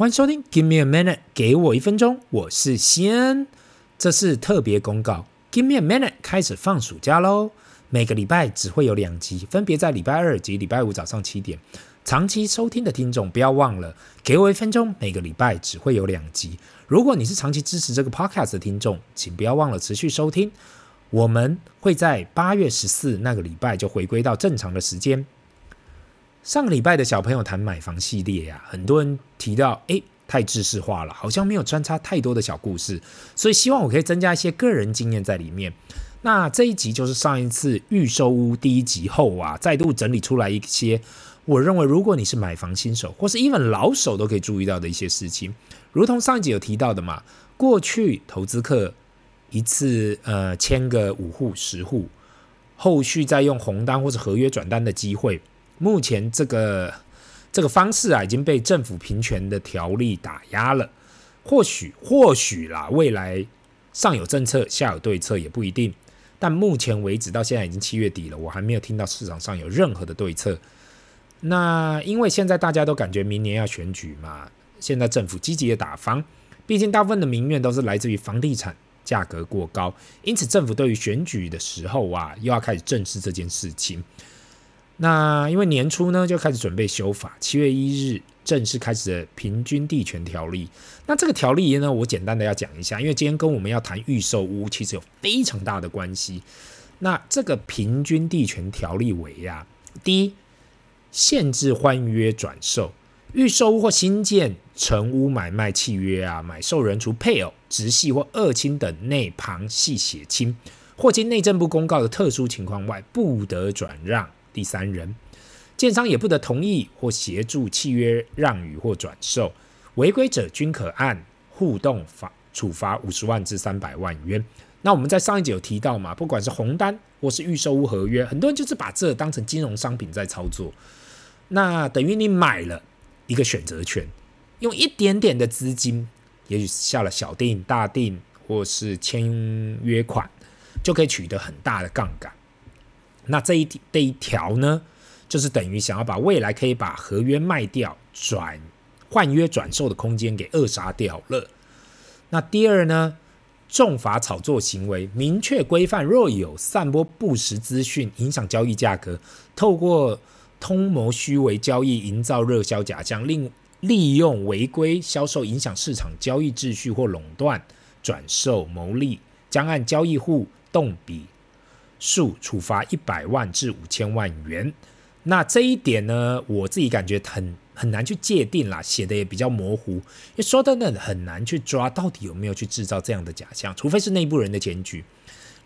歡迎收聽 Give me a minute，給我一分鐘，我是西恩，這是特別公告。Give me a minute，開始放暑假嘍！每個禮拜只會有兩集，分別在禮拜二及禮拜五早上七點。長期收聽的聽眾不要忘了，給我一分鐘。每個禮拜只會有兩集。如果你是長期支持這個 podcast 的聽眾，請不要忘了持續收聽。我們會在八月十四那個禮拜就回歸到正常的時間。上個禮拜的小朋友談買房系列呀、啊，很多人提到，哎，太知識化了，好像沒有穿插太多的小故事，所以希望我可以增加一些個人經驗在裡面。那這一集就是上一次預售屋第一集後啊，再度整理出來一些我認為如果你是買房新手或是 even 老手都可以注意到的一些事情，如同上一集有提到的嘛，過去投資客一次呃簽個五戶十戶，後續再用紅單或者合約轉單的機會。目前這個這個方式啊已經被政府平權的條例打壓了，或許或許啦，未來上有政策下有對策也不一定，但目前為止到現在已經七月底了，我還沒有聽到市場上有任何的對策。那因為現在大家都感覺明年要選舉嘛，現在政府積極的打房，畢竟大部分的民怨都是來自於房地產價格過高，因此政府對於選舉的時候啊又要開始正視這件事情。那因為年初呢就開始準備修法，七月一日正式開始的平均地權條例。那這個條例呢，我簡單的要講一下，因為今天跟我們要談預售屋其實有非常大的關係。那這個平均地權條例為啊，第一，限制換約轉售預售屋或新建成屋買賣契約啊，買受人除配偶、直系或二親等內旁系血親，或經內政部公告的特殊情況外，不得轉讓。第三人，建商也不得同意或協助契約讓與或轉售，違規者均可按互動法處罰五十萬至三百萬元。那我們在上一集有提到嘛，不管是紅單或是預售屋合約，很多人就是把這當成金融商品在操作。那等於你買了一個選擇權，用一點點的資金，也許下了小定、大定或是簽約款，就可以取得很大的槓桿。那這一、這一條呢，就是等於想要把未來可以把合約賣掉、轉換約轉售的空間給扼殺掉了。那第二呢，重罰炒作行為，明確規範，若有散播不實資訊影響交易價格，透過通謀虛偽交易營造熱銷假象，利用違規銷售影響市場交易秩序或壟斷轉售牟利，將按交易戶動筆。數處罰一百萬至五千萬元，那這一點呢，我自己感覺很很難去界定啦，寫得也比較模糊，說真的很難去抓到底有沒有去制造這樣的假象，除非是內部人的檢舉。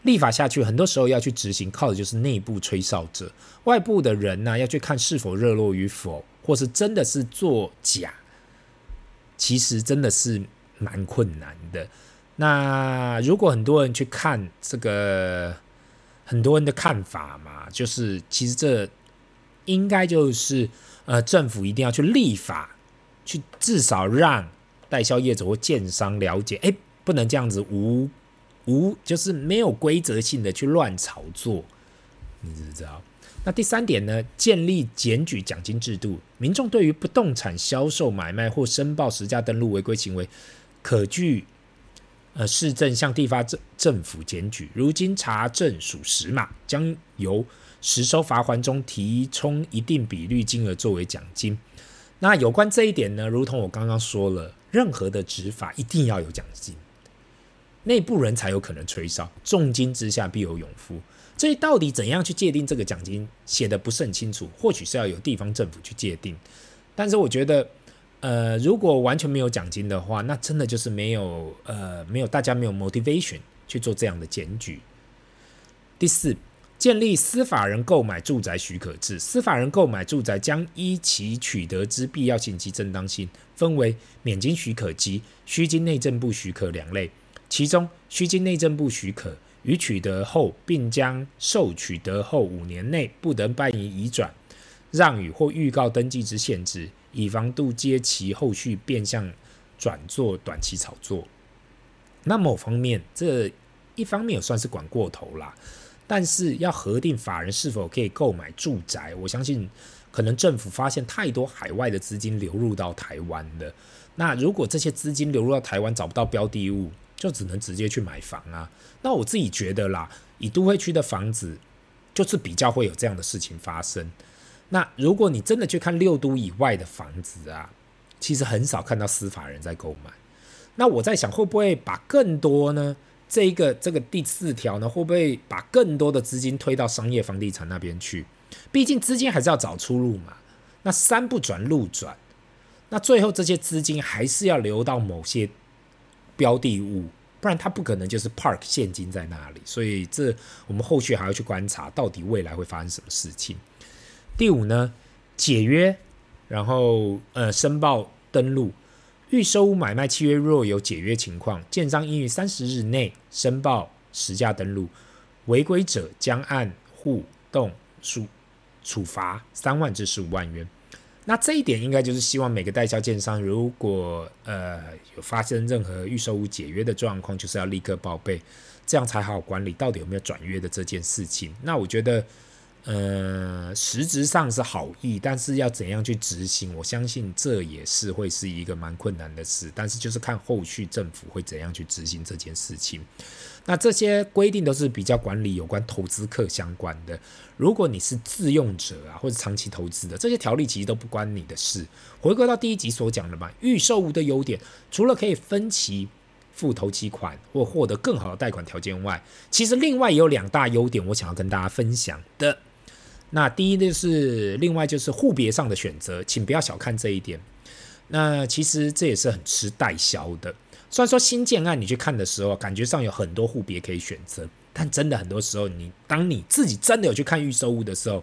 立法下去，很多時候要去執行，靠的就是內部吹哨者，外部的人呢、啊、要去看是否熱絡與否，或是真的是做假，其實真的是蠻困難的。那如果很多人去看這個。很多人的看法嘛，就是其實這應該就是呃，政府一定要去立法，去至少讓代銷業者或建商了解，哎，不能這樣子無無就是沒有規則性的去亂炒作，你知不知道？那第三點呢，建立檢舉獎金制度，民眾對於不動產銷售買賣或申報實價登錄違規行為，可據。呃，市政向地方政府檢舉，如經查證屬實嘛，將由實收罰款中提充一定比率金額作為獎金。那有關這一點呢，如同我剛剛說了，任何的執法一定要有獎金，內部人才有可能吹哨，重金之下必有勇夫。這到底怎樣去界定這個獎金寫的不甚清楚，或許是要由地方政府去界定，但是我覺得。呃，如果完全沒有獎金的話，那真的就是沒有，呃，沒有大家沒有 motivation 去做這樣的檢舉。第四，建立司法人購買住宅許可制，司法人購買住宅將依其取得之必要性及正當性，分為免經許可及須經內政部許可兩類。其中，須經內政部許可於取得後，並將受取得後五年內不得辦理移轉讓與或預告登記之限制。以防杜絕其後續變相轉做短期炒作。那某方面，這一方面也算是管過頭啦。但是要核定法人是否可以購買住宅，我相信可能政府發現太多海外的資金流入到台灣的。那如果這些資金流入到台灣找不到標的物，就只能直接去買房啊。那我自己覺得啦，以都會區的房子就是比較會有這樣的事情發生。那如果你真的去看六都以外的房子啊，其實很少看到司法人在購買。那我在想，會不會把更多呢？這個這個第四條呢，會不會把更多的資金推到商業房地產那邊去？畢竟資金還是要找出路嘛。那山不轉路轉，那最後這些資金還是要流到某些標的物，不然它不可能就是 park 現金在那裡。所以這我們後續還要去觀察，到底未來會發生什麼事情。第五呢，解約，然後呃，申報登錄，預售屋買賣契約若有解約情況，建商應於三十日內申報實價登錄，違規者將按戶棟處處罰三萬至十五萬元。那這一點應該就是希望每個代銷建商，如果呃有發生任何預售屋解約的狀況，就是要立刻報備，這樣才好管理到底有沒有轉約的這件事情。那我覺得。呃，實質上是好意，但是要怎樣去執行，我相信這也是會是一個蠻困難的事。但是就是看後續政府會怎樣去執行這件事情。那這些規定都是比較管理有關投資客相關的。如果你是自用者啊，或者長期投資的，這些條例其實都不關你的事。回歸到第一集所講的嘛，預售屋的優點，除了可以分期付頭期款或獲得更好的貸款條件外，其實另外也有兩大優點，我想要跟大家分享的。那第一就是另外就是戶別上的選擇，請不要小看這一點。那其實這也是很吃代銷的。雖然說新建案你去看的時候，感覺上有很多戶別可以選擇，但真的很多時候，你當你自己真的有去看預售屋的時候，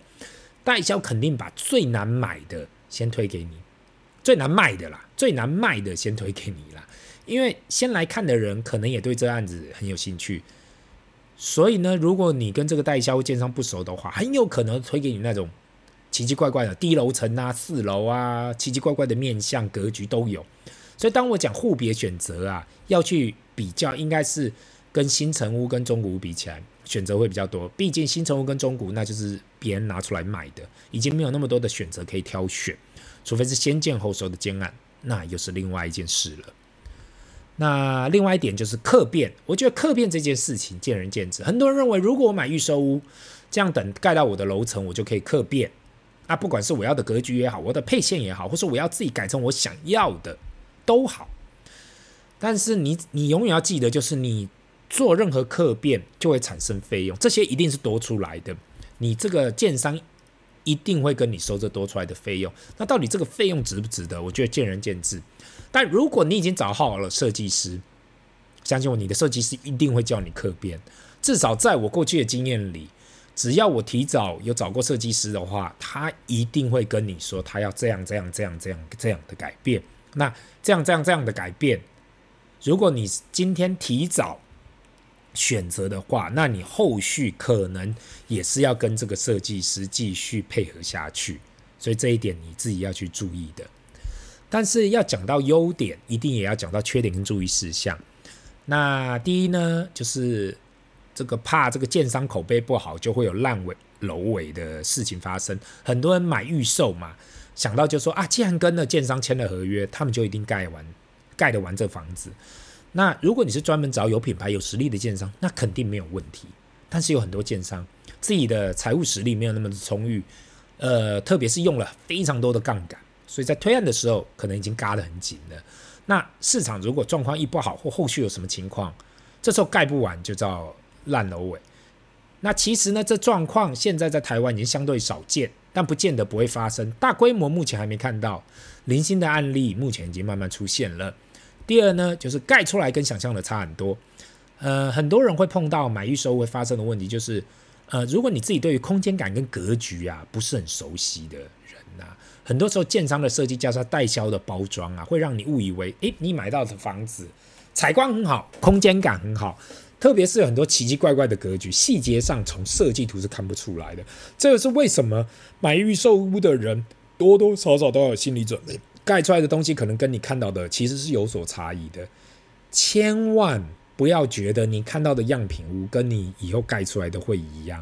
代銷肯定把最難買的先推給你，最難賣的啦，最難賣的先推給你啦，因為先來看的人可能也對這個案子很有興趣。所以呢，如果你跟這個代銷或建商不熟的話，很有可能推給你那種奇奇怪怪的低樓層啊、四樓啊、奇奇怪怪的面向格局都有。所以當我講戶別選擇啊，要去比較，應該是跟新成屋跟中古比起來，選擇會比較多。畢竟新成屋跟中古，那就是別人拿出來賣的，已經沒有那麼多的選擇可以挑選。除非是先建後售的建案，那又是另外一件事了。那另外一點就是客變，我覺得客變這件事情見仁見智。很多人認為，如果我買預售屋，這樣等蓋到我的樓層，我就可以客變啊。不管是我要的格局也好，我的配線也好，或是我要自己改成我想要的都好。但是你你永遠要記得，就是你做任何客變就會產生費用，這些一定是多出來的。你這個建商一定會跟你收這多出來的費用。那到底這個費用值不值得？我覺得見仁見智。但如果你已經找好,好了設計師，相信我，你的設計師一定會叫你客變。至少在我過去的經驗裡，只要我提早有找過設計師的話，他一定會跟你說他要這樣、這樣、這樣、這樣、這樣的改變。那這樣、這樣、這樣的改變，如果你今天提早選擇的話，那你後續可能也是要跟這個設計師繼續配合下去，所以這一點你自己要去注意的。但是要講到優點，一定也要講到缺點跟注意事項。那第一呢，就是這個怕這個建商口碑不好，就會有爛尾、樓尾的事情發生。很多人買預售嘛，想到就說啊，既然跟了建商簽了合約，他們就一定蓋完、蓋得完這房子。那如果你是專門找有品牌、有實力的建商，那肯定沒有問題。但是有很多建商自己的財務實力沒有那麼的充裕，呃，特別是用了非常多的槓桿。所以在推案的時候，可能已經軋得很緊了。那市場如果狀況一不好，或後續有什麼情況，這時候蓋不完就叫爛尾樓。那其實呢，這狀況現在在台灣已經相對少見，但不見得不會發生。大規模目前還沒看到，零星的案例目前已經慢慢出現了。第二呢，就是蓋出來跟想象的差很多。呃，很多人會碰到買預售會發生的問題，就是呃，如果你自己對於空間感跟格局啊不是很熟悉的人。很多時候，建商的設計加上代銷的包裝啊，會讓你誤以為，誒，你買到的房子採光很好，空間感很好，特別是很多奇奇怪怪的格局，細節上從設計圖是看不出來的。這個是為什麼買預售屋的人多多少少都有心理準備，蓋出來的東西可能跟你看到的其實是有所差異的。千萬不要覺得你看到的樣品屋跟你以後蓋出來的會一樣。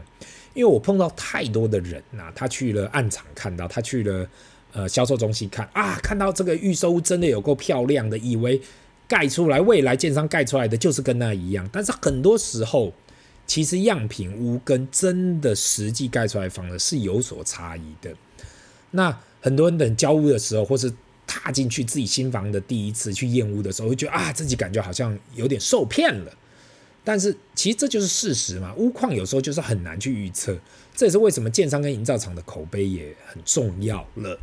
因為我碰到太多的人吶、啊，他去了案場，看到他去了呃銷售中心看啊，看到這個預售屋真的有夠漂亮的，以為蓋出來，未來建商蓋出來的就是跟那一樣。但是很多時候，其實樣品屋跟真的實際蓋出來的房子是有所差異的。那很多人等交屋的時候，或是踏進去自己新房的第一次去驗屋的時候，會覺得啊，自己感覺好像有點受騙了。但是其實這就是事實嘛，屋況有時候就是很難去預測，這也是為什麼建商跟營造廠的口碑也很重要了。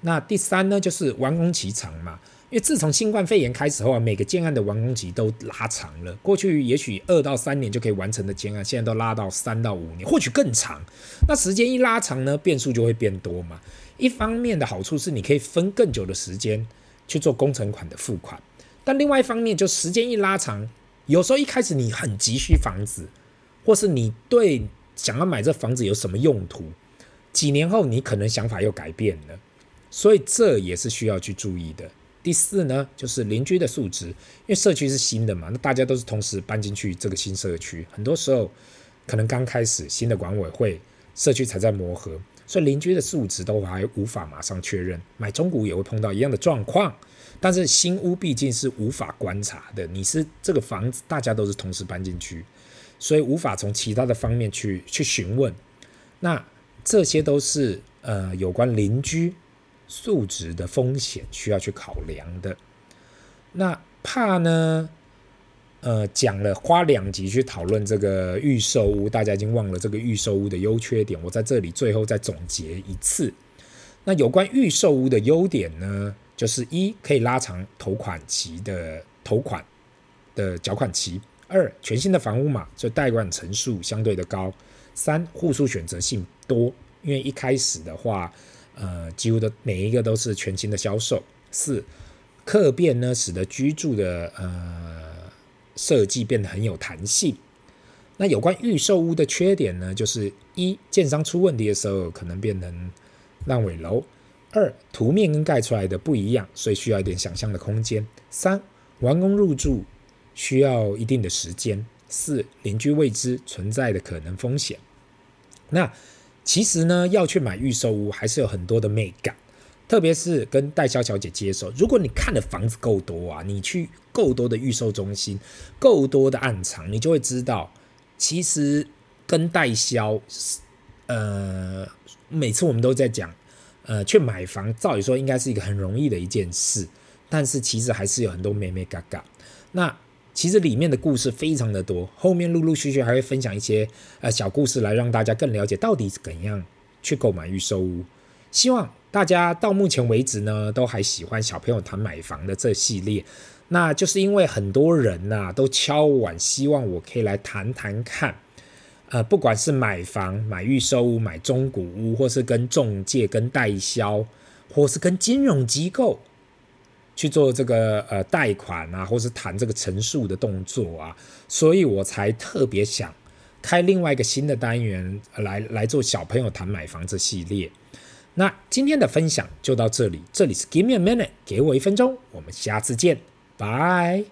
那第三呢，就是完工期長嘛，因為自從新冠肺炎開始後啊，每個建案的完工期都拉長了。過去也許二到三年就可以完成的建案，現在都拉到三到五年，或許更長。那時間一拉長呢，變數就會變多嘛。一方面的好處是你可以分更久的時間去做工程款的付款，但另外一方面就時間一拉長，有時候一開始你很急需房子，或是你對想要買這房子有什麼用途，幾年後你可能想法又改變了，所以這也是需要去注意的。第四呢，就是鄰居的素質，因為社區是新的嘛，那大家都是同時搬進去這個新社區，很多時候可能剛開始新的管委會社區才在磨合，所以鄰居的素質都還無法馬上確認。買中古也會碰到一樣的狀況。但是新屋畢竟是無法觀察的，你是這個房子，大家都是同時搬進去，所以無法從其他的方面去去詢問。那這些都是呃有關鄰居素質的風險，需要去考量的。那怕呢，呃，講了花兩集去討論這個預售屋，大家已經忘了這個預售屋的優缺點。我在這裡最後再總結一次。那有關預售屋的優點呢？就是一、可以拉長頭款期的頭款的繳款期；二、全新的房屋嘛，所以貸款成數相對的高；三、戶數選擇性多，因為一開始的話，呃，幾乎的每一個都是全新的銷售；四、客變呢，使得居住的呃設計變得很有彈性。那有關預售屋的缺點呢，就是一、建商出問題的時候，可能變成爛尾樓。二、圖面跟蓋出來的不一樣，所以需要一點想象的空間。三、完工入住需要一定的時間。四、鄰居未知，存在的可能風險。那其實呢，要去買預售屋還是有很多的美感，特別是跟代銷小姐接手。如果你看的房子夠多啊，你去夠多的預售中心，夠多的案場，你就會知道，其實跟代銷呃，每次我們都在講。呃，去買房，照理說應該是一個很容易的一件事，但是其實還是有很多妹妹嘎嘎。那其實裡面的故事非常的多，後面陸陸續續還會分享一些呃小故事來讓大家更了解到底怎樣去購買預售屋。希望大家到目前為止呢，都還喜歡小朋友談買房的這系列，那就是因為很多人吶、啊、都敲碗希望我可以來談談看。呃，不管是買房、買預售屋、買中古屋，或是跟仲介、跟代銷，或是跟金融機構去做這個呃貸款啊，或是談這個成數的動作啊，所以我才特別想開另外一個新的單元來來，來做小朋友談買房這系列。那今天的分享就到這裡，這裡是 Give me a minute，給我一分鐘，我們下次見，拜。